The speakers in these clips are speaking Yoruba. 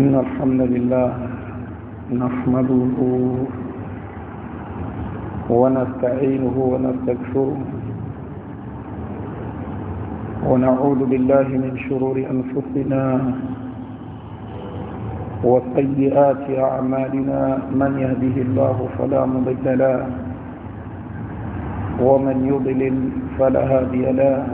إن الحمد لله نحمده ونستعينه ونستكفره ونعوذ بالله من شرور أنفسنا وسيئات أعمالنا من يهده الله فلا مضل له ومن يضلل فلا هادي له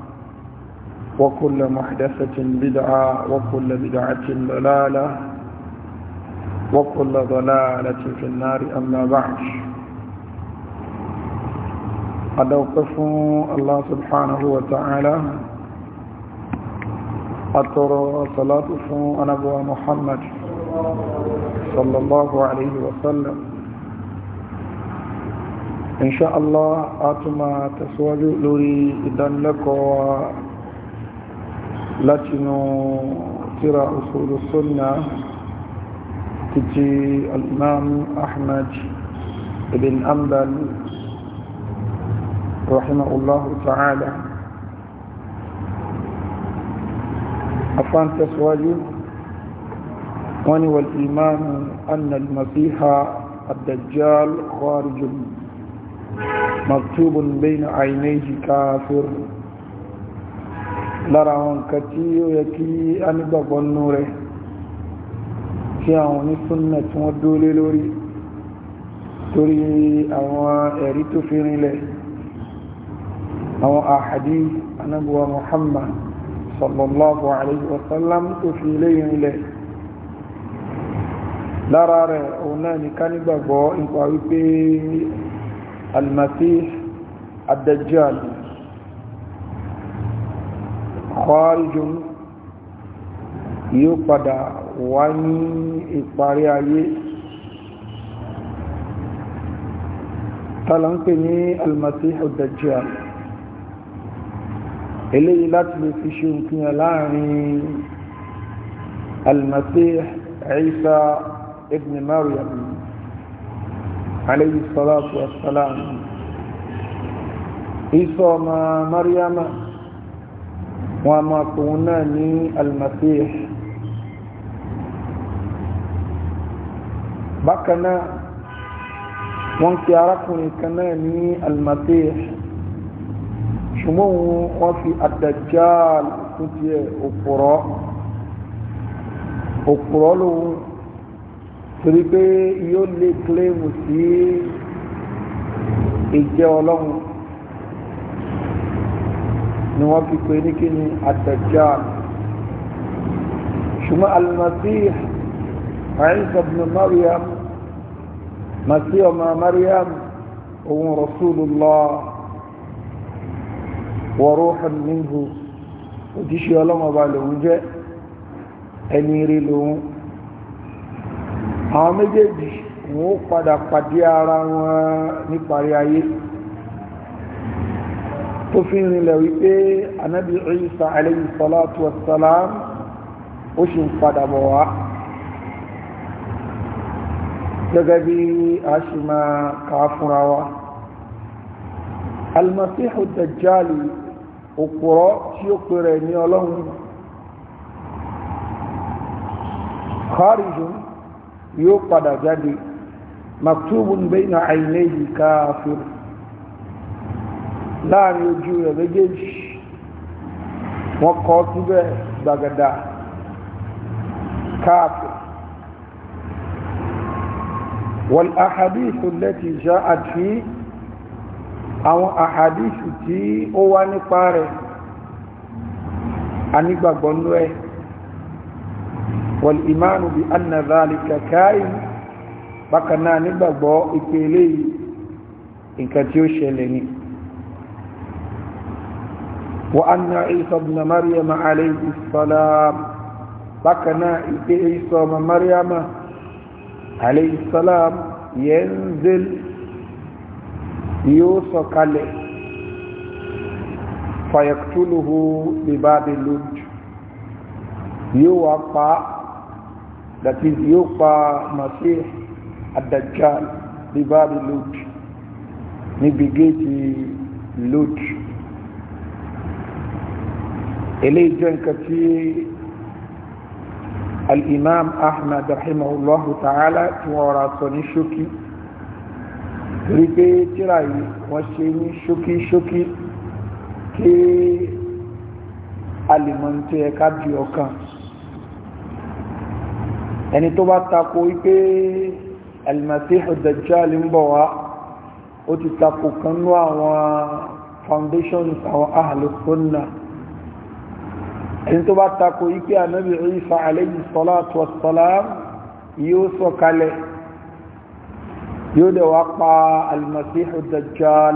وكل محدثة بدعة وكل بدعة ضلالة وكل ضلالة في النار أما بعد أدوقف الله سبحانه وتعالى أترى صلاة أبو محمد صلى الله عليه وسلم إن شاء الله أتما تسوى لوري إذن لك لكن ترى أصول السنة تجي الإمام أحمد بن أمبل رحمه الله تعالى أفان تسوالي واني والإيمان أن المسيح الدجال خارج مكتوب بين عينيه كافر lára àwọn nǹkan tí ó yẹ kí a nígbàgbọ́ nínú rẹ̀ kí àwọn onísúnnà tí wọ́n dólé lórí torí àwọn ẹ̀rí tó fi rinlẹ̀ àwọn àhàdí anábùwà Muhammad sallallahu alayhi wa sallam tó fi ilé rinlẹ̀ lára rẹ̀ òun náà ní ká nígbàgbọ́ nípa wípé al-Masih kọ́ọ̀lùjùn yóò padà wá ní ìparí ayé tàlàǹkè ní almasihu dajjal eléyìí láti lè fi ṣe òkúnyà láàrin almasih isa ibn maryam alayhi salatu wassalam isa ọmọ maryama wọn a máa pòun náà ní almasih bákan náà wọ́n pe arákùnrin kan náà ní almasih ṣùgbọ́n wọ́n fi ad-dajjal fún tiẹ̀ òpùrọ́ òpùrọ́ lòun torí pé yóò lè kílèmù sí ìjẹ́ ọlọ́run ni wọ́n fi pè ní kíni Ad-Dajjal ṣùgbọ́n Al-Masih Isa ibn Maryam Masih ọmọ Maryam òun Rasulullah wa ruhun minhu òjíṣẹ́ ọlọ́mọba lòun jẹ́ ẹni rí lòun àwọn méjèèjì wọ́n padà pàdé ara wọn níparí ayé tó fi rinlẹ̀ wípé anábì Isa alayhi salatu wassalam ó ṣe ń padà bọ̀ wá gẹ́gẹ́ bí a ṣe máa kà á fúnra wa almasihu dajjali òpùrọ́ tí ó pèrè ní ọlọ́run kharijun yóò padà jáde maktubun bayna aynayhi kafir láàrin ojú rẹ̀ méjèèjì wọ́n kọ́ síbẹ̀ gbàgàdà káàpù wọ́n àhàdìsù lẹ́tì já àti àwọn àhàdìsù tí ó wá nípa rẹ̀ a nígbàgbọ́ nú ẹ̀ wọ́n ìmánu bí annazali kàkáyì bákanáà nígbàgbọ́ ìpele nǹkan tí ó ṣẹlẹ̀ ni. وأن عيسى بن مريم عليه السلام بكنا عيسى بن مريم عليه السلام ينزل يوسف عليه فيقتله بباب اللج يوقع that is يوقع مسيح الدجال بباب اللج نبي جيتي لوج eléyìí jẹ́ nǹkan tí al-imam ahmad rahimahullahu ta'ala tí wọ́n ra sọ ní ṣókí torí pé tíra yìí wọ́n ṣe ní ṣókí ṣókí kí alìmọ̀ntí ẹ̀ka di ọkàn ẹni tó bá tako wípé al dajjal ń bọ̀ wá ó ti tako kan ní àwọn foundations àwọn ahlus ẹni tó bá takò ike ànábì Ìsá alayhi salatu wassalam yóò sọ kalẹ̀ yóò dẹ̀ wá pa almasihu dajjal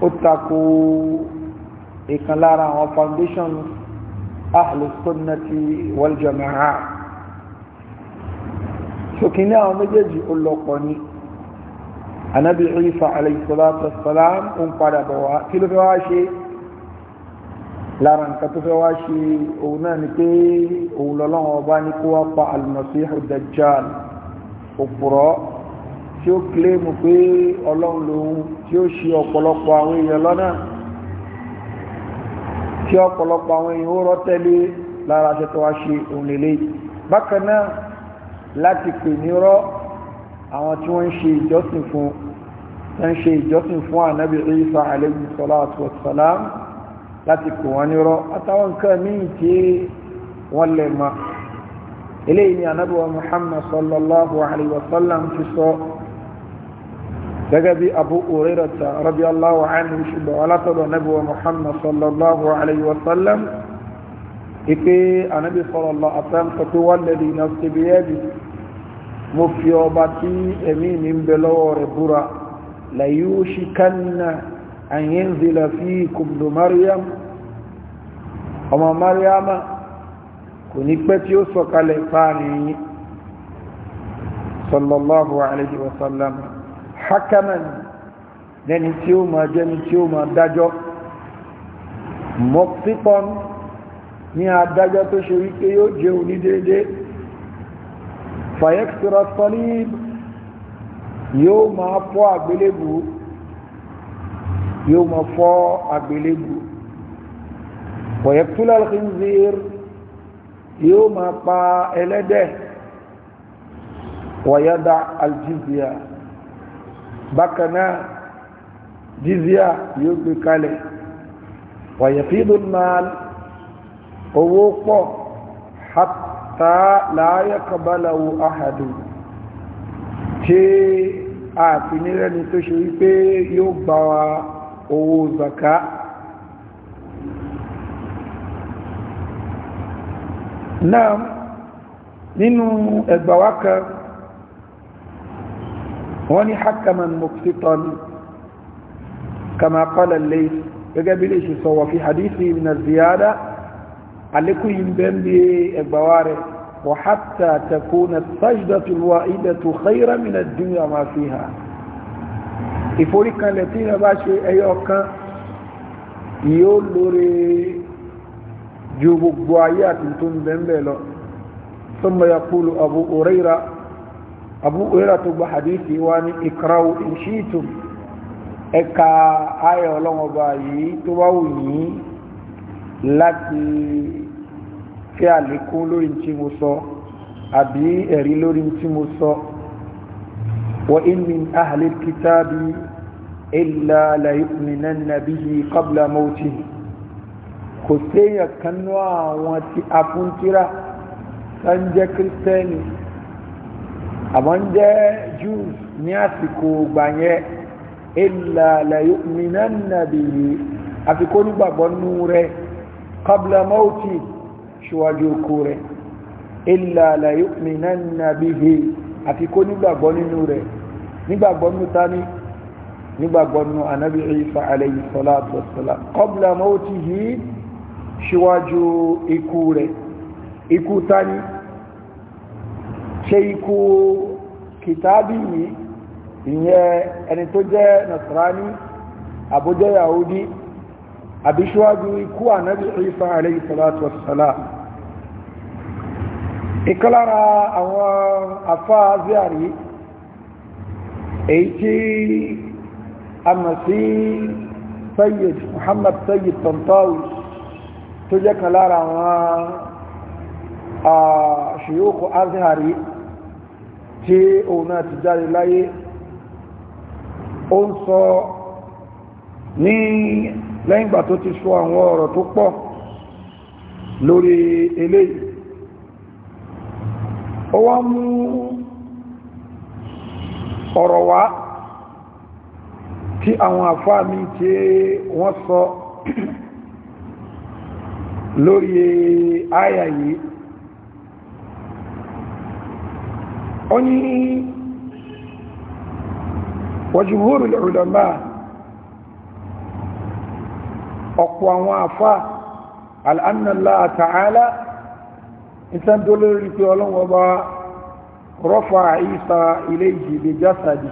ó takò ìkan lára àwọn foundation ahlus sunnati wal jama'a ṣòkí ní àwọn méjèèjì ó lọ́pọ̀ ní ànábì alayhi salatu wassalam ń padà bọ̀ wá kí ló fẹ́ wá ṣe lára nǹkan tó fẹ́ wá ṣe òun náà ni pé òun lọ́lọ́wọ́ ọba ní kó wá pa almasihu dajjal òpùrọ́ tí ó kílèmù pé ọlọ́run lòun tí ó ṣe ọ̀pọ̀lọpọ̀ àwọn èèyàn lọ́nà tí ọ̀pọ̀lọpọ̀ àwọn èèyàn ó rọ́ tẹ́lé lára aṣẹ tó wá ṣe òun lè léyìí bákan náà láti pè ní rọ́ àwọn tí wọ́n ń ṣe ìjọsìn fún ṣe ìjọsìn fún ànábì Isa alayhi salatu wassalam láti kò wọ́n nírọ́ àtàwọn nǹkan míì tí wọ́n lè mọ́ eléyìí ni anábíwá muhammad sallallahu alayhi wa sallam ti sọ gẹ́gẹ́ bí abu hurairata radiyallahu anhu ṣùgbọ́n alátọ̀dọ̀ anábíwá muhammad sallallahu alayhi wa sallam ipe anábí sallallahu alayhi wa sallam sọ pé walladhi nafsi biyadi mo fi ọba tí ẹ̀mí mi ń bẹ lọ́wọ́ rẹ̀ búra la yushikanna أن ينزل فيكم ابن مريم ọmọ mariama kò ní pẹ́ tí ó sọ̀kalẹ̀ fáàrin yìí sallallahu alayhi wa sallam hakaman lẹ́ni tí ó máa jẹ́ni tí ó máa dájọ́ mọ́sípọ́n ní adájọ́ tó ṣe wípé yóò jẹ́ onídéédé fàyẹ́kìtìrọ̀ sọ́líb yóò máa fọ́ àgbélébùú yóò máa fọ́ àgbélébù wọ̀yẹ̀kúlá alkhinzir yóò máa pa ẹlẹ́dẹ̀ wọ̀yẹ́dà aljizya bákan náà jizya yóò gbé kalẹ̀ wọ̀yẹ̀fídù mal owó pọ̀ hatta láyé kabaláwo ahadu ṣe àfinirẹni tó ṣe wípé yóò gbáwa أعوذك نعم ننو البواكة واني حكما مكسطا كما قال الليس يقابل إيش سوى في حديثه من الزيادة عليكم ينبين بي البواري وحتى تكون السجدة الوائدة خيرا من الدنيا ما فيها ìforíkanlẹ̀ tí ìyàn bá ṣe ẹyọ kan yóò lóore ju gbogbo ayé àti tó ń bẹ̀m̀bẹ̀ lọ thumma yaqulu Abu Huraira Abu Huraira tó gba hadithi wa ní ikra'u in ẹka ayé ọlọ́mọba yìí tó bá wù yín láti fi àlékún lórí tí mo sọ àbí ẹ̀rí lórí tí mo sọ وإن من أهل الكتاب إلا ليؤمنن به قبل موته خسيا كنوا واتي أفنترا سنجا كريستاني أمانجا جوز نياسكو بانيه إلا ليؤمنن به أفكون بابنوره قبل موته شواجوكوره إلا ليؤمنن به àti kó nígbàgbọ́ nínú rẹ̀ nígbàgbọ́ nínú tání nígbàgbọ́ nínú anábì Isa alayhi salatu wassalam qabla mawtihi ṣíwájú ikú rẹ̀ ikú tání ṣe ikú kìtàbí yìí ìyẹn ẹni tó jẹ́ nasrani àbójẹ́ yahudi ìkọlára àwọn afá zíàrí èyí tí a mọ̀ sí Sayyid Muhammad Sayyid Tantawi tó jẹ́ kan àwọn ṣíyókù azíàrí tí òun náà ti jáde láyé ó ń ti sọ àwọn ọ̀rọ̀ tó pọ̀ ó wá mú ọ̀rọ̀ wá tí àwọn àfá mi tí wọ́n sọ lórí àyà yìí ó ní wàjúhúrù l'ùlọ́mà ọ̀pọ̀ àwọn àfá al'annàlá ta'ala ìtàn tó lórí pé ọlọ́wọ́ bá rọ́fà ìsá ilé ìjìdè jásàdì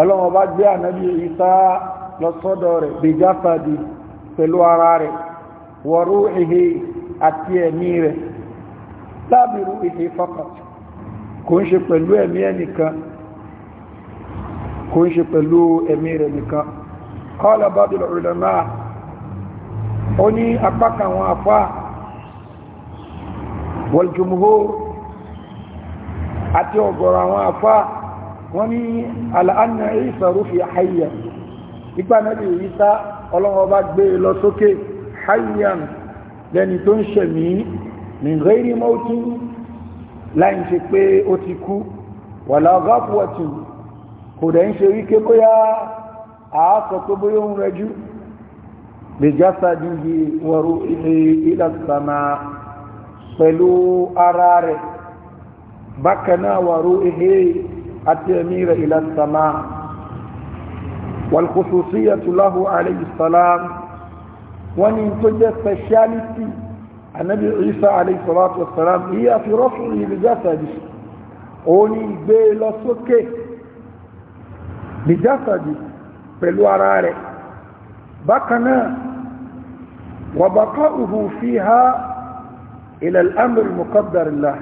ọlọ́wọ́ bá gbé ànábì ìsá lọ́sọ́dọ̀ rẹ̀ dè jásàdì pẹ̀lú ara rẹ̀ wọ̀rú ihe àti ẹ̀mí rẹ̀ lábìrú ihe fakat kò ń ṣe pẹ̀lú ẹ̀mí ẹnìkan kò ń ṣe pẹ̀lú ẹ̀mí rẹ̀ nìkan qala ba'dul ulama ó ní apá kan àwọn afáà wal-jumhur àti ọ̀gọ̀rọ̀ àwọn afá wọ́n ní al'anna Isa rufi hayyan ipa náà Isa ọlọ́wọ́ bá gbé lọ sókè hayyan lẹ́ni tó ń ṣẹ̀mí min ghairi mautin láì ṣe pé ó ti kú wala ghafwatin kò dẹ̀ pẹ̀lú ara rẹ̀ bákanáà wà rú ihe àti ẹ̀mí rẹ̀ ila sama walkhususiyatu lahu alayhi salam wọ́n ni tó jẹ́ speciality anabi isa alayhi salatu wasalam iya fi raf'i e li jasadi pẹ̀lú ara rẹ̀ bákanáà wa baqa'uhu fiha ila al-amr muqaddar Allah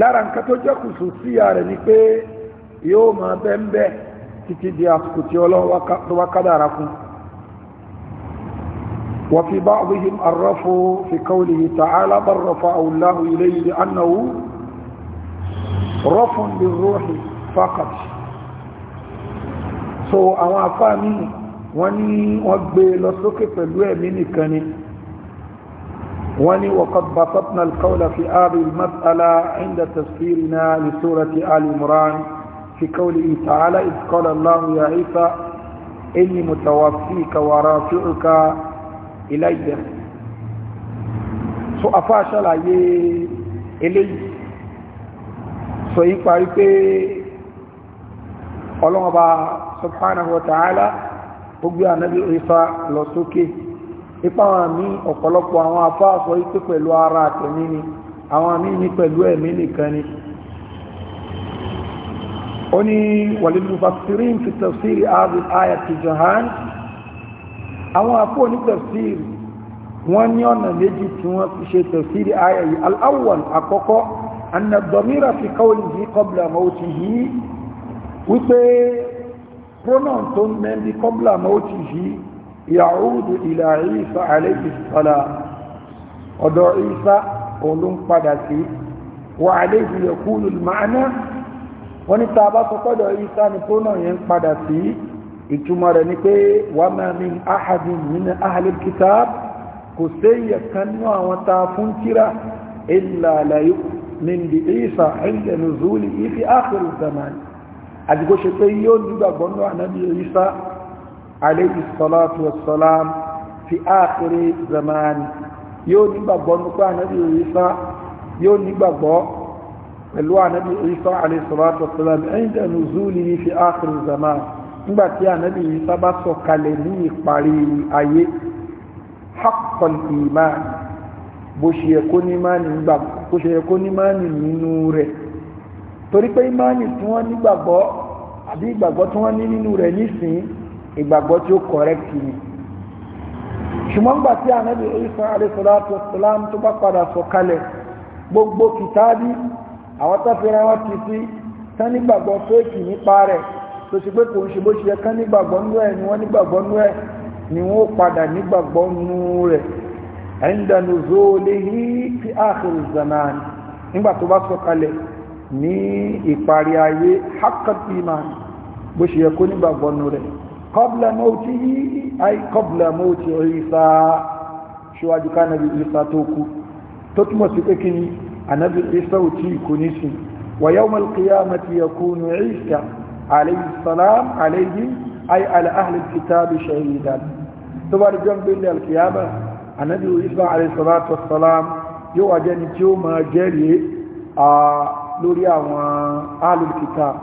lára nǹkan tó jẹ́ kùsù sí ààrẹ ni pé yóò máa bẹ́ńbẹ́ títí di àsìkò tí ọlọ́run tó wá kádàrá fún wa fi ba'dihim arrafu fi so àwọn afáàmì wọ́n ní wọ́n gbé lọ sókè pẹ̀lú ẹ̀mí nìkan ni وني وقد بسطنا القول في هذه المسألة عند تفسيرنا لسورة آل عمران في قوله تعالى إذ قال الله يا عيسى إني متوفيك ورافعك إلي so afa ṣàlàyé eléyìí sọ yí parí pé ọlọ́mọba subhanahu wa ta'ala ó ipa àwọn àmì ọ̀pọ̀lọpọ̀ àwọn afá sọ wípé pẹ̀lú ara àtẹ̀mí ni àwọn àmì ní pẹ̀lú ẹ̀mí nìkan ni ó ní wàlílùfàṣírín fi tafsiri ààbì àyà ti jahan àwọn afọ ní tafsiri wọ́n ní ọ̀nà méjì tí wọ́n fi ṣe tafsiri àyà yìí al'awwal àkọ́kọ́ anna domira fi qawlihi qabla mawtihi wípé pronoun tó ń mẹ́bí qabla mawtihi yàúdù ilà ìsá alayhi salam ọ̀dọ̀ ìsá òun padà sí wà alayhi yaqulu al-ma'na wọ́n ní tàbá sọpọ́dọ̀ ìsá ni tó náà yẹn padà sí ìtumọ̀ rẹ̀ ni pé wa ma min ahadin min ahli al-kitab àwọn ta fún kíra illa la yu'min bi ìsá inda nuzulihi fi akhir àdìgbò ṣe pé yóò nígbàgbọ́nú ànábì ìsá alayhi salatu wassalam fi akhir zamani yóò nígbàgbọ́ nípa ànábì Ìsá yóò nígbàgbọ́ pẹ̀lú ànábì Ìsá alayhi salatu wassalam inda nuzulihi fi akhir zamani nígbàtí ànábì Ìsá bá sọ̀kalẹ̀ ní ìparí ayé haqqal iman bó ṣe yẹ kó ní mánì nínú rẹ̀ torí pé ìmánì tí wọ́n nígbàgbọ́ àbí ìgbàgbọ́ tí wọ́n ní nínú rẹ̀ nísìnyí ìgbàgbọ́ tí ó kọ̀rẹ́kì ni ṣùgbọ́n gbà tí ànábì Isa alayhisalatu wasalam tó bá padà sọ̀kalẹ̀ gbogbo kìtàbí àwọn tọ́fẹ́ra wọn ti sí tán nígbàgbọ́ fẹ́ẹ̀kì nípa rẹ̀ tó ṣe pé kò ṣe bó ṣe yẹ nígbàgbọ́ nú ẹ̀ ni wọ́n ni padà nígbàgbọ́ nú rẹ̀ inda nuzulihi fi zaman nígbà kọ́bùlà mọ́tí yìí àì kọ́bùlà mọ́tí Ìsá ṣíwájú ká nàbí Ìsá tó kú tó túnmọ̀ sí pé kí ni ànábì Ìsá ò tí kò ní sí wa yawmal qiyamati yakunu Ìsá alayhi salam alayhi ay ala ahli kitabi shahidan tó bá dìjọ́ gbélé alkiyama ànábì Ìsá alayhi salatu wassalam yóò wà jẹ́ni tí ó máa jẹ́rìí ah, lórí àwọn ahli kitab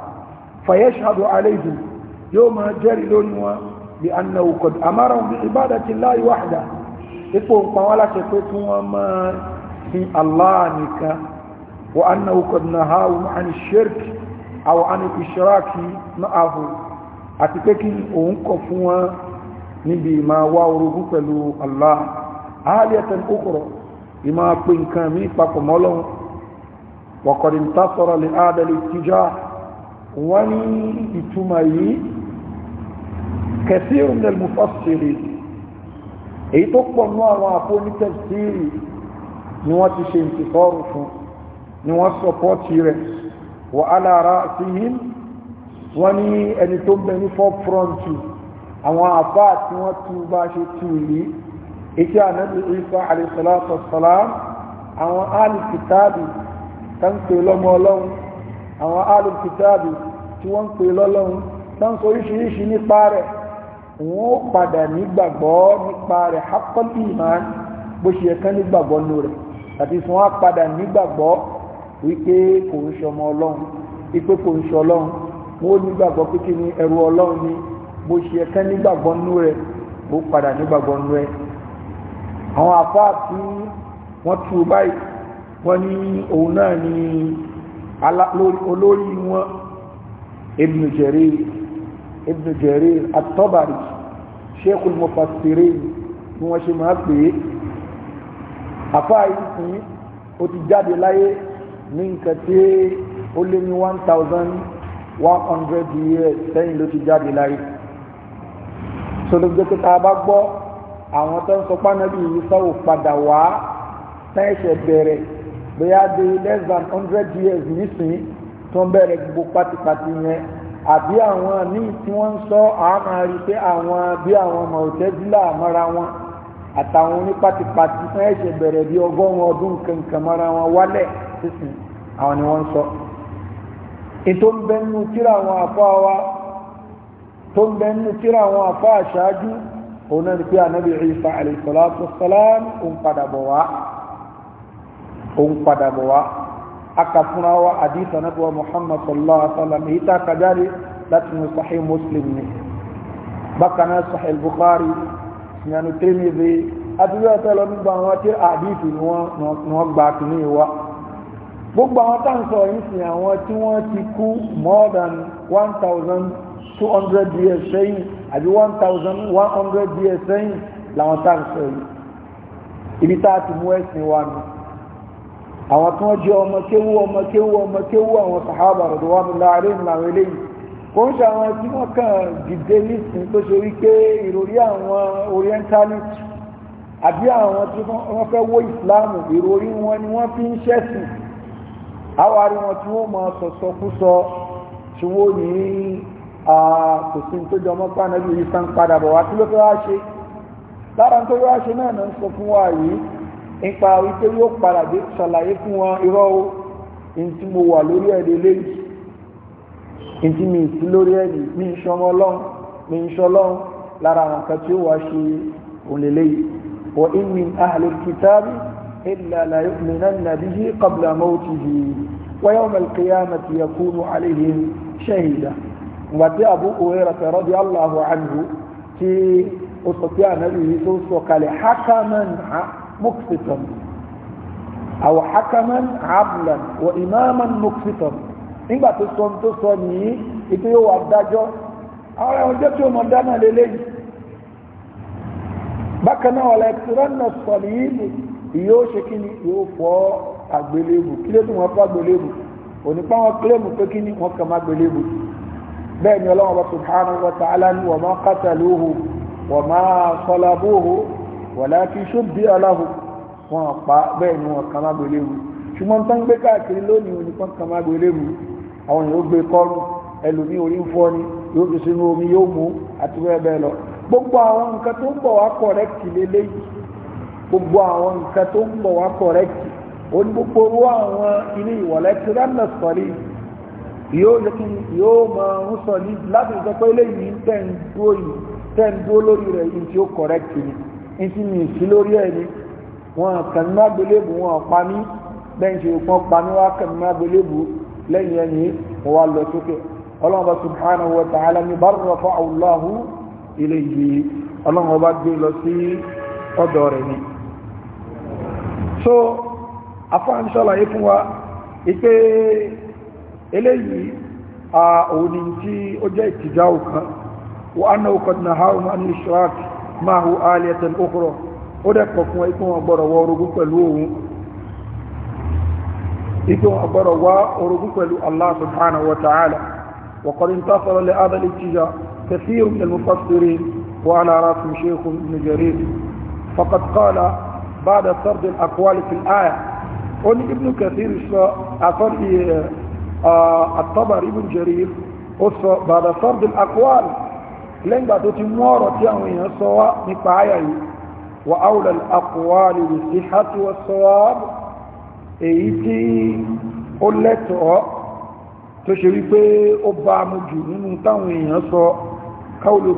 fa yashhadu alayhim yóò máa jẹ́rìí lórí wọn bí annahu qad amarahum bi ibadati llahi wahda ipò ń pa wọ́n láti pé kí wọ́n máa sin Allah nìkan wa annahu qad nahahum an ash-shirk aw an al-ishraki ma'ahu àti pé kí òun kọ̀ fún wọn níbi máa wá orogún pẹ̀lú Allah wọ́n ní ìtumọ̀ yìí kẹsíìrù ní ẹlmùfọ́sìrì èyí tó pọ̀ ní àwọn àfọ́nítẹ̀síìrì ni wọ́n ti ṣe ìtìsọ́rù fún ni wọ́n sọpọ́tì rẹ̀ wọ́n alára sí yìí wọ́n ní ẹni tó ń bẹ ní fọ́frọ́ǹtì àwọn àfá tí wọ́n tú bá ṣe tú yìí ètí ànábì Isa àlèsọ́látọ̀ sọ́lá àwọn alìkìtàbì tán pè lọ́mọ ọlọ́run àwọn alìkìtàbì tí wọ́n pè lọ́lọ́run tán sọ oríṣiríṣi nípa rẹ̀ wọ́n padà nígbàgbọ́ nípa rẹ̀ hakọ́lì iman bó ṣe kán nígbàgbọ́ nù rẹ̀ àti sùn wọ́n padà nígbàgbọ́ wípé kò ń ṣọmọ ọlọ́run wípé kò ń ṣọlọ́run wọ́n nígbàgbọ́ pé kí ni ẹrú ọlọ́run ni bó ṣe kán nígbàgbọ́ nù rẹ̀ ó padà nígbàgbọ́ nù rẹ̀ àwọn àfáà tí wọ́n tú báyìí wọ́n ní òun ibn jarir at-tabari sheikhul mufassirin ni wọ́n ṣe máa pè é àfáà yìí fún ó ti jáde láyé one thousand one hundred years sẹ́yìn ló ti jáde láyé sọlọ́gbẹ́ pípa bá gbọ́ àwọn tó ń sọ pánẹ́lì yìí sọ̀rọ̀ padà wá tẹ́ẹ̀ṣẹ̀ bẹ̀rẹ̀ bóyá dé less than hundred years nísìnyí tó ń bẹ̀rẹ̀ gbogbo pátípátí yẹn àbí àwọn míì tí wọ́n ń sọ àmà rí pé àwọn bí àwọn mọ̀tẹ́dílà mọ́ra wọn àtàwọn onípatipati fún ẹ̀ṣẹ̀ bẹ̀rẹ̀ bí ọgọ́rùn-ún ọdún kankan mọ́ra wọn wálẹ̀ sísìn àwọn ni wọ́n ń sọ ètò ń bẹ nínú tíra àwọn àfọ àwa tó ń bẹ nínú tíra àwọn àfọ àṣáájú òun náà ni pé ànábì Ìsá alayhi salatu wassalam òun padà wá akàfúnra wa àdìsí anábíwá muhammad sallallahu alaihi wa sallam èyí tá a kàjáde láti ní sahih muslim ni bákan náà sahih bukhari sinanu tirmidhi àdúgbò ẹ̀tọ́ lọ nígbà wọn tí àdìsí ni wọ́n gbà kìíní wa gbogbo àwọn tá à ń sọ yìí sìn àwọn ti kú more than one years sẹ́yìn àbí one years sẹ́yìn làwọn tá à ń sọ ibi tá ti mú ẹ̀sìn wa nù àwọn tí wọ́n jẹ́ ọmọ kéwú ọmọ kéwú ọmọ kéwú àwọn sàhábà radwanullahi alaihim làwọn eléyìí kò ń ṣe àwọn tí wọ́n kàn dìde nísìn tó ṣe wípé ìròrí àwọn orientalist àbí àwọn tí wọ́n fẹ́ wó ìsìláàmù ìròrí wọn ni wọ́n fi ń ṣẹ̀sìn àwárí wọn tí wọ́n mọ sọ̀sọ̀kúsọ tí wọ́n ní kò tó jọmọ́ pàánà bí ìsàn padà bọ̀ wá kí ló fẹ́ wá ṣe lára tó wá ṣe náà náà sọ fún wa yìí nípa wípé yóò padà dé ṣàlàyé fún wọn irọ́ o in tí mo wà lórí ẹ̀dẹ̀ léyìí in tí mi sí lórí ẹ̀dẹ̀ mi ń ṣọmọ ọlọ́run mi ń ṣọlọ́run lára àwọn kan tí ó wá ṣe òlélẹ́yìí wa in min ahli kitabi illa la مقسطا أو حكما عدلا وإماما مقسطا nígbà tó sọ tó sọ nìyí ètò yóò wà dájọ́ àwọn ẹ̀wọ̀n jẹ́ tí ó mọ̀ dáná lélẹ́yìn bákan náà wàlẹ̀ ẹ̀tìrọ́nà sọ̀rọ̀ yìí yóò ṣe kí ni yóò fọ́ àgbélébù kí ló tún wọn fọ́ àgbélébù onípa wọn kílẹ̀mù pé kí ni wọn kàn má àgbélébù bẹ́ẹ̀ ni ọlọ́wọ́n bá subhanahu wa ta'ala ni wa ma qataluhu wa ma salabuhu wàlá kí ṣóbi aláhù wọn pa bẹ́ẹ̀ ni wọn kàn má gbé léwu ṣùgbọ́n tán gbé káàkiri lónìí wọn ni wọn kàn má gbé léwu àwọn yóò gbé kọ́rùn ẹlòmí orí ń fọ́ ni yóò fi sínú omi yóò mú àti bẹ́ẹ̀ bẹ́ẹ̀ lọ gbogbo àwọn nǹkan tó ń bọ̀ wá kọ̀rẹ́kì lélẹ́yìí gbogbo àwọn nǹkan tó ń bọ̀ wá kọ̀rẹ́kì ó ní gbogbo owó àwọn ilé ìwọ̀lẹ́ tí rẹ́mẹ̀ sọ̀rí yóò yẹ kí yóò máa ń sọ ní láti sọ pé eléyìí tẹ̀ ń dúró lórí rẹ̀ yìí tí ó kọ̀rẹ́kì ni ntí mi sí lórí ẹ̀ wọn kàn ní agbélébù wọn pa mí bẹ́ẹ̀ ṣe pa mí wá kàn ní agbélébù lẹ́yìn ẹni mo wá lọ sókè ọlọ́run bá subhanahu wa ta'ala ni bá rọ̀fọ́ àwùláhù ilé yìí ọlọ́run bá gbé lọ sí ọ̀dọ̀ so fún wa eléyìí a tí ó jẹ́ wọ́n á máhù aliyatan okoro ó dẹ̀kọ̀ fún ikú agbọ́rọ̀ gbọ́rọ̀ orogún pẹ̀lú ohun ikú wọn wá orogún pẹ̀lú Allah subhanahu wa ta'ala wa qad intasara li hadha al-ittija' kathirun min al-mufassirin wa ala ra'sihim shaykh ibn jarir faqad qala ba'da sard al-aqwal fi al-aya on ibn kathir sọ afar at-tabari ibn jarir ó sọ ba'da sard al-aqwal lẹ́gbà tó ti mú ọ̀rọ̀ tí àwọn èèyàn sọ wá nípa ayà yìí wà áwùlẹ̀ àkọwàlì sí hàtí wọ́n sọ wá èyí tí ó lẹ́tọ̀ọ́ tó ṣe rí pé ó bá mú jù nínú táwọn èèyàn sọ káwùlù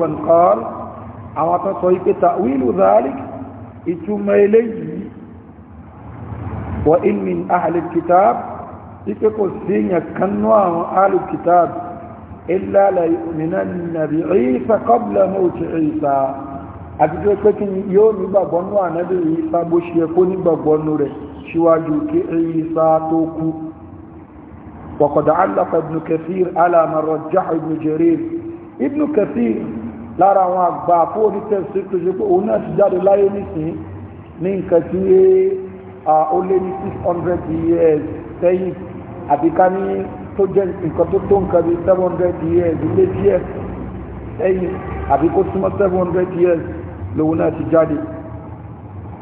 إلا la yu'minanna bi Isa qabla mawti Isa àti tó pé kí yóò nígbàgbọ́ nú ànábì Isa bó ṣe yẹ kó nígbàgbọ́ nú rẹ̀ síwájú kí Isa tó kú وقد علق ابن كثير على ما رجح ابن جرير ابن كثير lára àwọn àgbà fóòrí tẹ̀sí tó ṣe pé òun náà ti jáde láyé nísìn tó jẹ́ nǹkan tó tó nǹkan bíi seven hundred years ilé díẹ̀ ẹ̀yìn àbí kó súnmọ́ seven hundred years lòun náà ti jáde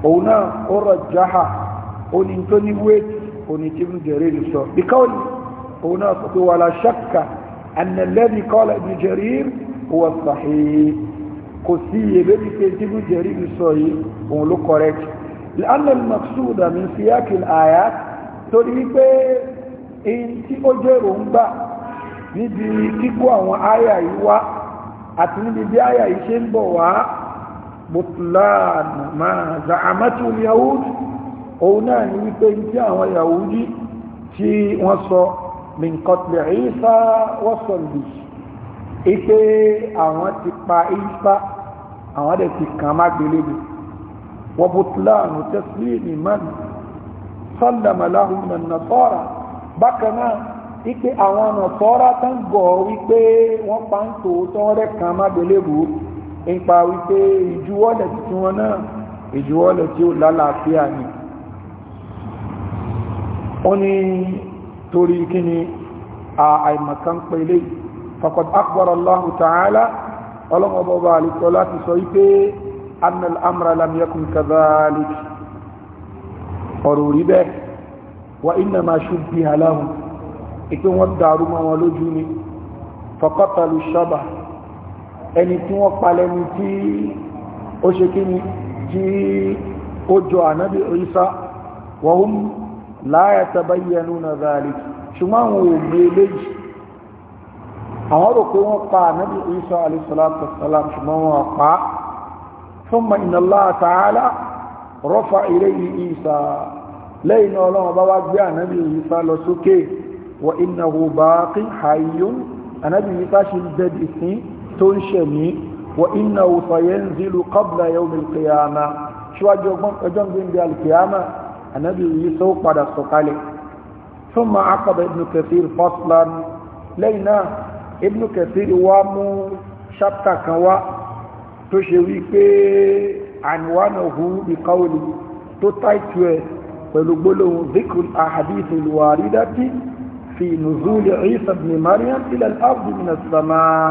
òun náà ó rọ̀ jáhà ó ní tó ní wéètì ó ní tí ń jẹ̀rẹ̀ lè sọ bíkọ́ọ̀lì òun náà sọ pé wàlá ṣàkà ànàlẹ́bí kọ́lá ibi jẹ̀rẹ̀ huwa sahih kò sí iyèméjì pé tí ń jẹ̀rẹ̀ lè sọ yìí òun ló correct لأن المقصود من سياق الآيات تريد èyí tí ó jẹ́ èròǹgbà níbi kíkó àwọn àyà yìí wá àti níbi bí àyà yìí ṣe ń bọ̀ wá bùtùláàdù máa zàmátù yahudi òun náà ni wípé tí àwọn yahudi tí wọ́n sọ minkotli isa wọ́sọ̀lì ipé àwọn ti pa isa àwọn dẹ̀ ti kàn má gbélébù wọ́bùtùláàdù tẹ́sílì ní mọ́nà sọ́lọ̀mọ̀láhùn mọ̀nà sọ́ra bákan náà wípé àwọn ọ̀nà sọ́ra tán gọ̀ wípé wọ́n pa ń tòótọ́ rẹ̀ kan mágbélébù nípa wípé ìjuwọ́lẹ̀ tuntun wọn náà ìjuwọ́lẹ̀ tí ó lálàáfíà ni ó ní torí kíni àìmọ̀kan pẹ̀lẹ́ faqad akhbara Allahu ta'ala ọlọ́mọba ọba àlùkọ láti sọ wípé annal amra lam yakun ọ̀rọ̀ rí bẹ́ẹ̀ wa inna ma shubbiha lahum ìpé wọ́n dàrú mọ́ wọn lójú ni faqatalu ṣọ́bà ẹni tí wọ́n palẹ̀ ní tí ó ṣe kí ni tí ó jọ ànábì Ìsá wa hum la yatabayyanuna dhalik ṣùgbọ́n àwọn òmù eléjì àwọn rò pé pa ànábì Ìsá alayhi salatu wassalam ṣùgbọ́n wọn pa thumma inna Allah ta'ala rafa ilayhi Ìsá lẹ́yìn náà ọlọ́run bá wá gbé ànábì Ìsá lọ sókè wa innahu baqin hayyun ànábì Ìsá ṣe ń bẹ́ẹ̀dì sí tó ń ṣẹ̀mí wa innahu sayanzilu qabla yawmil qiyamah ṣíwájú ọjọ́ gbẹ̀ndé alkiyama ànábì Ìsá ó padà sọ̀kalẹ̀ ثم عقب pẹ̀lú gbólóhùn zikr ahadith alwaridati fi nuzul isa ibn maryam ila al-ard min as-samaa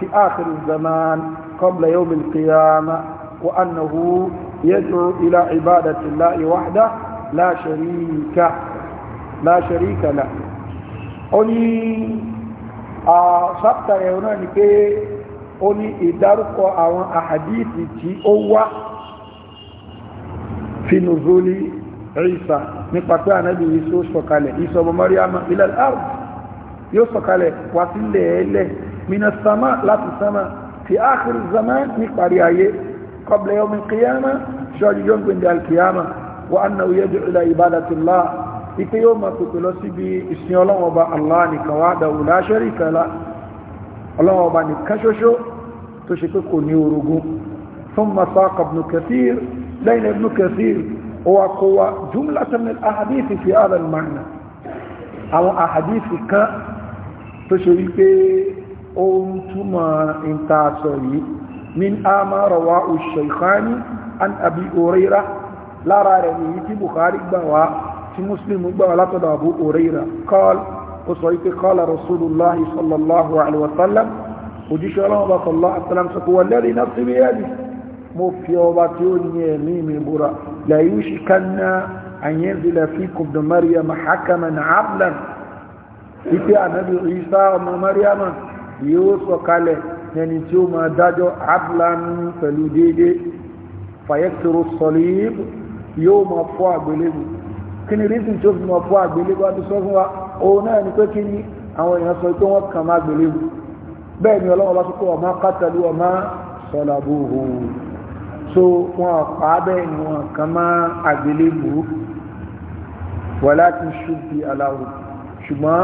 fi akhir az-zaman qabla yawm al-qiyamah wa annahu يدعو إلى عبادة الله وحده لا شريك لا شريك له oni a sáptà ẹ̀rọ náà ni pé ó ní ìdárúkọ àwọn àhàdíìsì tí ó wá fi nùzúlì ìsà nípa pé ànábì yìí tó sọ̀kalẹ̀ ìsọ̀ ọmọ mọ́ríàmà ilẹ̀ àrùn yóò sọ̀kalẹ̀ wá sílẹ̀ ẹlẹ̀ mina sama láti sama fi áàkiri zama níparí ayé qabla yawm al-qiyama ṣọ́jú yóò gbẹ̀ndẹ̀ alkiyama wa annahu yad'u ila ibadatillah ipe yóò máa pèpè lọ síbi ìsìn ọlọ́wọ́ ọba allah nìkan wá dáwò la sharika la ọlọ́wọ́ ọba nìkan tó ṣe pé kò ní orogún thumma saqa ibn kathir lẹ́yìn ibn kathir وقوى جملة من الأحاديث في هذا المعنى أو أحاديث كان تشريكي أنتما انتاسوي من آما رواه الشيخان عن أبي هريرة لا رأيني في بخاري بوا في مسلم بوا لا أبو هريرة قال وصيت قال رسول الله صلى الله عليه وسلم وجيش الله صلى الله عليه وسلم والذي نفسي بيده mo fi ọba tí ó ní ẹ̀mí mi búra la yushikanna an yanzila fikum ibn maryam hakaman ablan ipe ànábì Ìsá ọmọ maryam yóò sọ kalẹ̀ ẹni tí ó máa dájọ́ ablan pẹ̀lú déédéé fayakturu salib yóò máa fọ́ àgbélébù kí ni rísìn tí ó fi máa fọ́ àgbélébù àti sọ fún wa òun náà ni pé kí ni àwọn èèyàn sọ pé wọ́n kàn máa àgbélébù bẹ́ẹ̀ ni ọlọ́wọ́ bá sọ pé ọmọ kátàlú ọmọ sọlàbùhù so wọn pa bẹ́ẹ̀ ni wọn kàn má àgbélébù walakin shubbi aláwọ̀ ṣùgbọ́n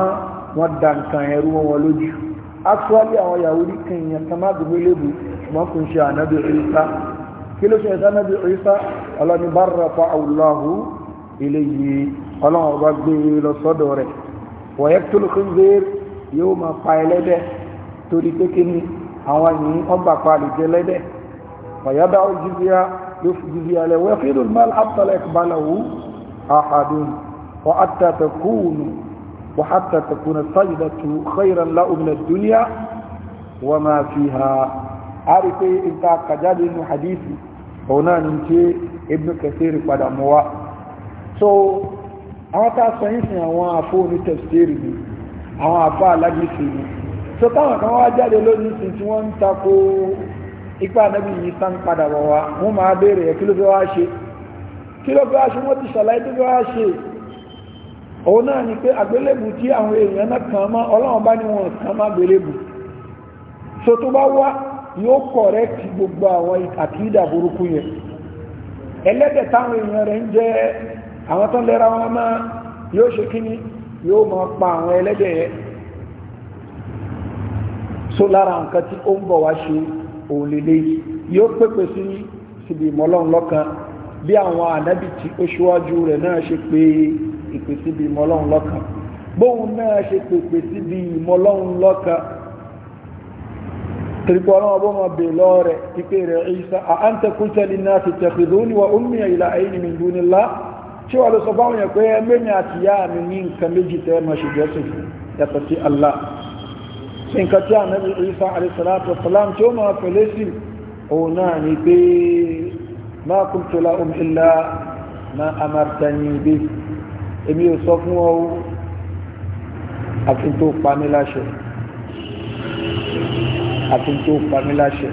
wọ́n da nǹkan ẹ̀rú wọn lójú actually àwọn Yahudi kan èèyàn kan má àgbélébù ṣùgbọ́n kò ń ṣe ànábì Ìsá kí ló ṣe ẹ̀sá ànábì Ìsá ọlọ́ni bá rọ̀pá Allahu ilayhi ọlọ́run ọba gbé e lọ sọ́dọ̀ rẹ̀ wọ̀yẹ́kítólù khinzir yóò máa pa ẹlẹ́dẹ̀ torí pé kí ni àwọn yìí ọgbà pa àlùjẹ lẹ́dẹ̀ẹ́ فيدع الجزية يفجزي له ويخير المال حتى لا يقبله أحد وحتى تكون وحتى تكون السجدة خيرا له من الدنيا وما فيها عارف انت كجاد انه حديثي هنا نمشي ابن كثير قد اموا so àwọn tá a sọ yín sìn àwọn àfóò so táwọn kan wá jáde lónìí sí ikpe anabi yìí sá ń padà wọ̀ wá wọ́n máa béèrè ẹ̀ kí ló fẹ́ wá ṣe kí ló fẹ́ wá ṣe wọ́n ti ṣàlàyé tó fẹ́ wá ṣe òun náà ni pé àgbélébù tí àwọn èèyàn náà kàn ọlọ́run bá ní wọn so tó bá wá yóò gbogbo àwọn àkídà burúkú yẹn ẹlẹ́dẹ̀ táwọn èèyàn rẹ̀ ń jẹ́ àwọn tó lẹ́ra wọn máa yóò ṣe kí ni yóò máa pa àwọn ẹlẹ́dẹ̀ yẹn so lára nǹkan tí òun lélẹ́ yìí yóò pèpè sí síbi ìmọ̀lọ́run lọ́kan bí àwọn ànábì tí ó ṣíwájú rẹ̀ náà ṣe pé ìpè síbi ìmọ̀lọ́run lọ́kan bóun náà ṣe pèpè síbi ìmọ̀lọ́run lọ́kan tìrìpọ̀ ọlọ́run ọbọ̀ máa bè lọ rẹ̀ pípé rẹ̀ Ìsá àáńtẹ̀ kúntẹ́lì náà ti tẹ̀kìdó níwà omi ìlà ayéni mi dúní lá tí wà lọ sọ báwọn yẹn pé mẹ́mi àti yá mi ní nǹkan méjì tẹ́ máa ṣe jẹ́sìn yàtọ̀ sí Allah sí nǹkan tí ànábì Isa alayhi salatu wa salam tí ó máa pẹ̀lé sí òun náà ni pé ma qultu lahum illa ma amartani bi èmi ò sọ fún ọ àti tó pa mí láṣẹ àti tó pa mí láṣẹ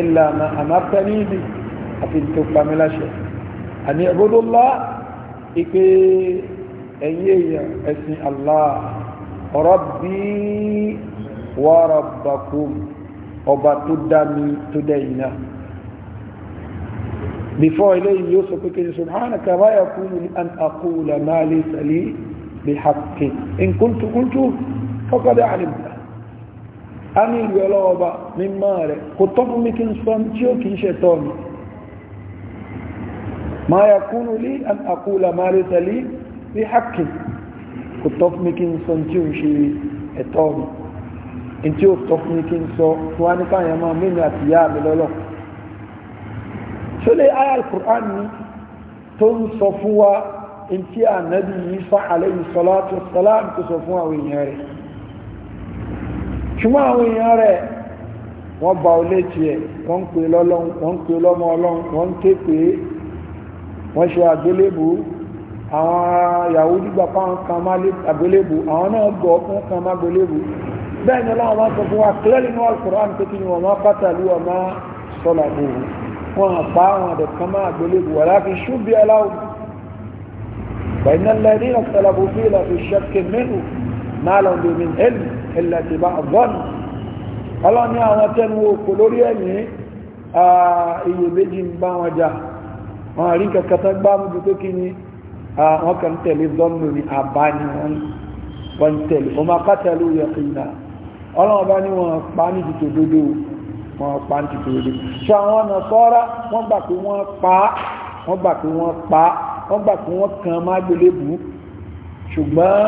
illa ma amartani bi àti tó pa mí láṣẹ àní ibudullah ìpè ẹ̀yìn èèyàn ẹ̀sìn Allah rabbi wa rabbakum ọba tó dá mi tó dá iná before eléyìí yóò sọ pé kí n subhanaka ma yakunu li an aqula ma laysa li bihaqqi in kuntu qultu faqad alimta a ní ìlú ọlọ́ọba mímọ́ rẹ̀ kò tọ́ fún mi kí n sọ tí ó kìí ṣe tọ́ mi ma yakunu li an aqula ma laysa li bihaqqi kò tọ́ fún mi kí n sọ tí ò ń ṣe ẹ̀tọ́ mi tí ò tọ́ fún mi kí n sọ fún wa ní káyọ̀ máa mímu àti ìyá mi lọ́lọ́ sólè ayé alukur'an ni tó ń sọ fún wa tí ànábì Ìsá alayhi salatu salam tó sọ fún àwọn èèyàn rẹ̀ ṣùgbọ́n àwọn èèyàn rẹ̀ wọ́n ba olé tiẹ̀ wọ́n pè lọ́lọ́run wọ́n pè lọ́mọ ọlọ́run wọ́n ké pé wọ́n ṣe àgbélébùú àwọn Yahudi gbà fáwọn kan má agbélébù àwọn náà gọ̀ fún kan má agbélébù bẹ́ẹ̀ ni ọlọ́run wá sọ fún wa clearly ní Al-Qur'an pé kí ni wọ́n máa pátálù wọ́n máa sọ̀là bò wọ́n àpá àwọn àdẹ̀ kan má agbélébù wà láti ṣúbi aláwọ̀ bẹ̀ẹ́nà lẹ́ni ọ̀sẹ̀lábù fi ilà fi ṣẹ́kẹ̀ mẹ́nu náà lọ́n bí mi ẹ̀lì ẹ̀lì bá ọ̀gbọ́nù ọlọ́run ní àwọn tẹnu òkò lórí ẹ̀mí iyèméjì ń bá wọn jà wọn àrí kẹkẹtẹ gbá mú ju kí ni wọ́n kàn tẹ̀lé dọ́nù ní àbá ni wọ́n ń tẹ̀lé wọ́n máa kátàlú yaqina ọlọ́run bá ní wọ́n pa ní títò dodo wọ́n pa ní títò dodo ṣe àwọn ọ̀nà sọ́ra wọ́n gbà pé wọ́n pa wọ́n gbà pé wọ́n pa wọ́n gbà pé wọ́n kàn má gbélé bù ú ṣùgbọ́n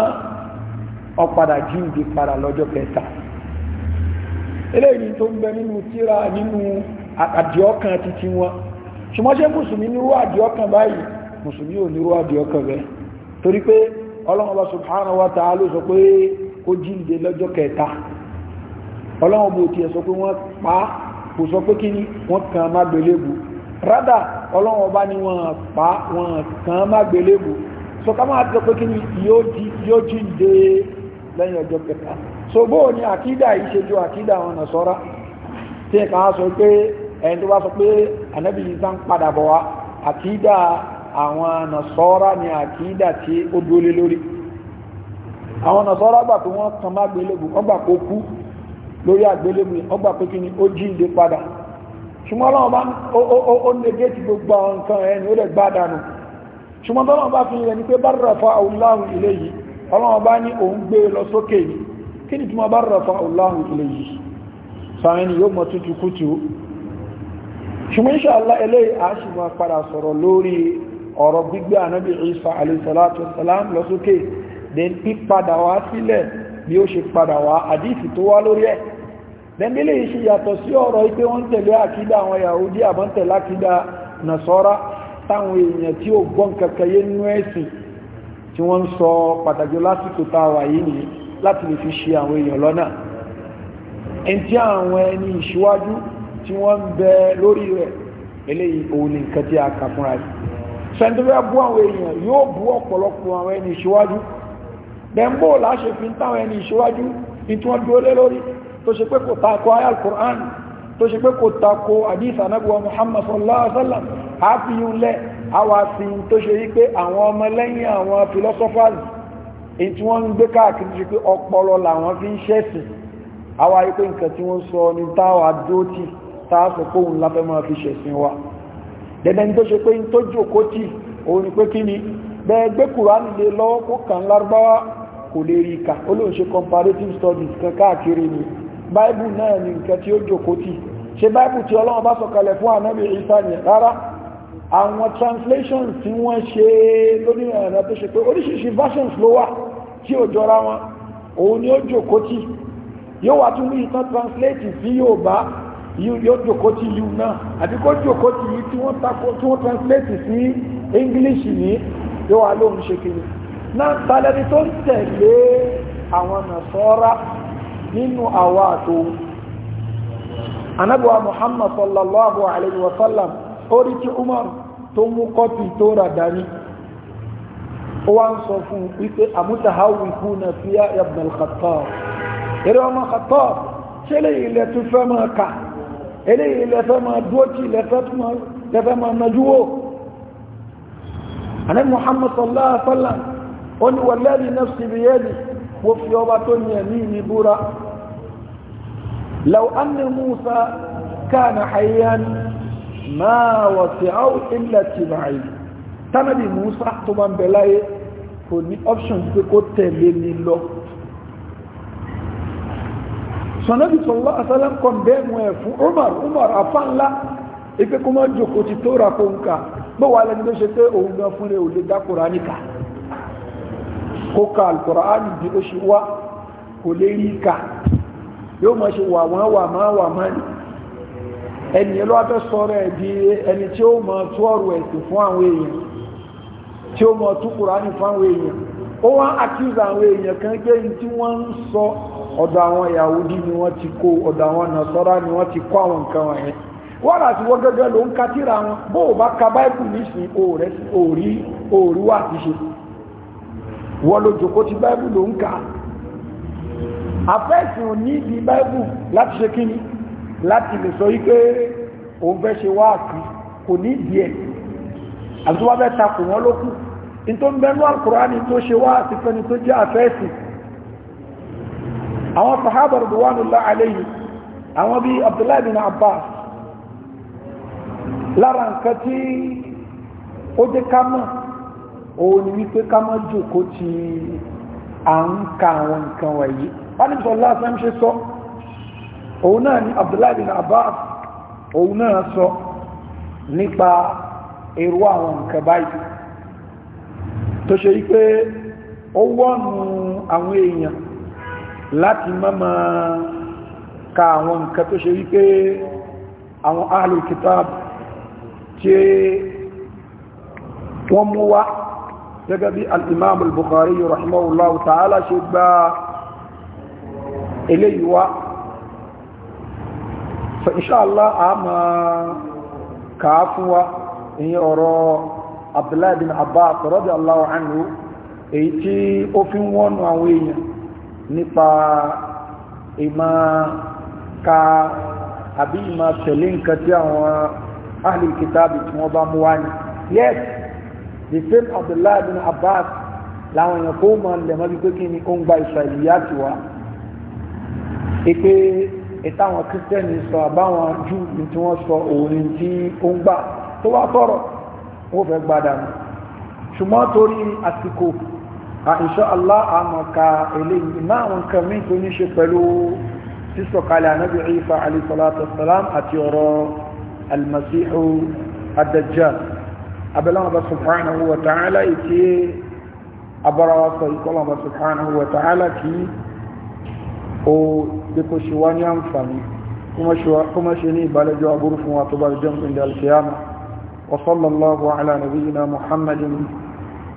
ọ̀padà jíǹde padà lọ́jọ́ kẹta eléyìí tó ń bẹ nínú tíra nínú àdìọ́kàn titi wọn ṣùgbọ́n ṣé mùsùlùmí nírú àdìọ́kàn báyìí mùsùlùmí ò ní rúwádì ọkàn rẹ̀ torí pé ọlọ́run bá subhanahu wa ta'ala sọ pé ó jíǹde lọ́jọ́ kẹta ọlọ́run bó tiẹ̀ sọ pé wọ́n pa kò sọ pé kí ni wọ́n kàn má gbélébù rádà ọlọ́run bá ní wọ́n pa wọ́n kàn má gbélébù sọ ká máa tẹ́ pé kí ni yóò jíǹde lẹ́yìn ọjọ́ kẹta so bóò ni àkídà yìí ṣe ju àkídà àwọn nàṣọ́ra tí ẹ̀ka sọ pé ẹni tó bá sọ pé ànábì sá ń padà bọ̀ wá àkídà àwọn nàṣọ́ra ni àkídà tí ó dúólé lórí àwọn nàṣọ́ra gbà pé wọ́n kan má gbélébù wọ́n gbà pé ó kú lórí àgbélébù wọ́n gbà pé kí ni ó jíǹde padà ṣùgbọ́n ọlọ́run bá ó negéètì gbogbo àwọn nǹkan ẹ̀ ni ó lè gbá dànù ṣùgbọ́n bá fi rẹ̀ pé bára fa ọlọ́run e lọ sókè yìí kí ni tí wọ́n bára fa yóò ṣùgbọ́n eléyìí a ọ̀rọ̀ gbígbé ànábì Isa alayhi salatu wassalam lọ sókè then pípadà wá sílẹ̀ bí ó ṣe padà wá àdífì tó wá lórí ẹ̀ dẹ́mbílé ìṣe yàtọ̀ sí ọ̀rọ̀ ipé wọ́n tẹ̀lé àkídà àwọn Yahudi àbọ́ntẹ̀lé àkídà Nasara táwọn ni láti lè fi ṣe àwọn èèyàn eléyìí òun ni nǹkan tí a kà fúnra yìí sẹ́ńtẹ́fẹ́ bú àwọn èèyàn yóò bú ọ̀pọ̀lọpọ̀ àwọn ẹni ìṣíwájú dẹ̀mbò láṣẹ fi ń táwọn ẹni ìṣíwájú ní wọ́n dúró lé lórí tó ṣe pé kò tako al-Qur'an tó ṣe pé kò tako hadith anábíwá Muhammad sallallahu alaihi wasallam àfihàn lẹ àwọn àfihàn tó ṣe wípé philosophers èyí tí wọ́n ń gbé káàkiri ṣe pé ọpọlọ làwọn fi ń ṣẹ̀sìn àwọn àyíkó nǹkan wa dẹ̀dẹ̀ ní tó ṣe pé ní tó jòkó tì òun ni pé kí ni bẹ́ẹ̀ gbé kùránì lè lọ́wọ́ kó kàn lárúbáwá kò lè rí ìkà ó lóun ṣe comparative studies kan káàkiri ni báìbù náà ni nǹkan tí ó jòkó tì ṣe báìbù tí ọlọ́run bá sọ̀kalẹ̀ fún ànábì Ìsá ni rárá àwọn translations tí wọ́n ṣe lónìrànà tó ṣe pé oríṣiríṣi versions ló wà tí ò jọra wọn òun ni ó jòkó tì yóò wá tún ní ìtàn translate sí Yorùbá yóò jòkó ti yìí náà àbí kó jòkó ti yìí tí wọ́n tako tí wọ́n translate sí english ní yóò wá lóhun ṣe kiri náà tàlẹ́ni tó ń tẹ̀lé àwọn nàṣọ́ra nínú àwa àtò anábọ̀wà muhammad sallallahu alayhi wa sallam orí tí umar tó mú kọ́pì tó rà dání ó wá ń sọ fún wípé amutahawwifuna fiya ibn al-khattab eré ọmọ khattab ṣẹlẹ̀ ilẹ̀ tó fẹ́ máa kà eléyìí lẹ́fẹ́ máa dúó tí lẹ́fẹ́ máa najúwò anẹ́ muhammad sallallahu alaihi wasallam ó ní wàlẹ́rì nafsi biyadi wo fi ọba tó ní ẹ̀mí ní búra law anna musa kana hayyan ma wasi'ahu illa tiba'i tánàbí musa tó bá ń bẹ̀ kò ní option pé kó tẹ̀lé ní lọ sọ̀nàbí sọ̀lá àsálà ń kọ́ bẹ́ẹ̀mù ẹ̀ fún Umar Umar afánlá ipe kó máa jòkó ti tó ra fóun ká bó wà lẹ́nu tó ṣe pé òun gan fún rẹ̀ ò dá Kùránì ká kó ka Al-Kùránì bí ó ṣe wá kò lè rí ká yóò máa ṣe wà wọ́n wà máa wà máa ní ẹni ẹlọ́ afẹ́ sọ̀rọ̀ ẹ̀ di ẹni tí ó máa tú ọ̀rọ̀ ẹ̀sìn fún àwọn èèyàn tí ó máa tú Kùránì fún àwọn èèyàn ó wá accuse àwọn èèyàn kan gbé ní tí wọ́n ń sọ ọ̀dọ̀ àwọn yahudi ni wọ́n ti kó ọ̀dọ̀ àwọn nasọ́ra ni wọ́n ti kó àwọn nǹkan wọ̀nyẹn wọ́n láti wọ́n gẹ́gẹ́ ló ń katira wọn bó o bá ka báìbù nísìnyí òòrẹ́ sí òòrí òòrí wà ti ṣe wọ́n ló jòkó ti báìbù ló ń kà àfẹ́sìn òní di báìbù láti ṣe kíni láti lè sọ wípé òun fẹ́ ṣe wáàkì kò ní ìdí ẹ̀ àti wọ́n fẹ́ takò wọ́n lókù nítorí bẹ́ẹ̀ ní Al-Kùránì tó ṣe wáàkì fẹ́ni tó jẹ́ àfẹ́sìn àwọn sahaba rudwanullah alayhi àwọn bíi abdullahi bin abbas lára nǹkan tí ó dé ká òun ni wípé kama mọ̀ jòkó ti à ń ka àwọn nǹkan wọ̀nyí wọ́n ní sọ́lá sẹ́m ṣe sọ òun náà ni abdullahi bin abbas òun náà sọ nípa èrò àwọn nǹkan báyìí tó ṣe wípé ó wọ́nu àwọn èèyàn láti mọ́mọ́ ka àwọn nǹkan tó ṣe wípé àwọn ahlul kitab tí wọ́n mú wá gẹ́gẹ́ bí al-imam al-bukhari rahimahullahu ta'ala ṣe gba eléyìí wá fa inṣáàlá a ma kàá fún wa ìyẹn ọ̀rọ̀ abdullahi bin abbas radiyallahu anhu èyí tí ó fi wọ́nù àwọn èèyàn nípa ìmọ̀ ka àbí ìmọ̀ tẹ̀lé nǹkan tí àwọn ahli kìtàbì tí wọ́n bá mú wá ní yes the same Abdullahi bin Abbas láwọn èèyàn kó mọ̀ lẹ̀mọ́ bí pé kí ni ó ń gba Isra'iliyat ti wá ìpè ìtàwọn kírísítẹ́nì sọ àbáwọn jù ní tí wọ́n sọ òun tí ó ń gbà tó wá tọ̀rọ̀ wọ́n fẹ́ gbádà ní ṣùgbọ́n torí àsìkò Ah, insha Allah àmọ̀ka eléyìí má àwọn nǹkan míì tó ní ṣe pẹ̀lú sísọ̀kalẹ̀ ànábì Ìsá alayhi salatu wassalam àti ọ̀rọ̀ almasihu ad-dajjal abẹ́lẹ́wọ̀n bá subhanahu wa ta'ala ìtí abarawa sọ ìkọlọ̀ bá subhanahu wa ta'ala kí ó dípò ṣe wá ní àǹfààní kuma ṣe ní ìbálẹ́jọ́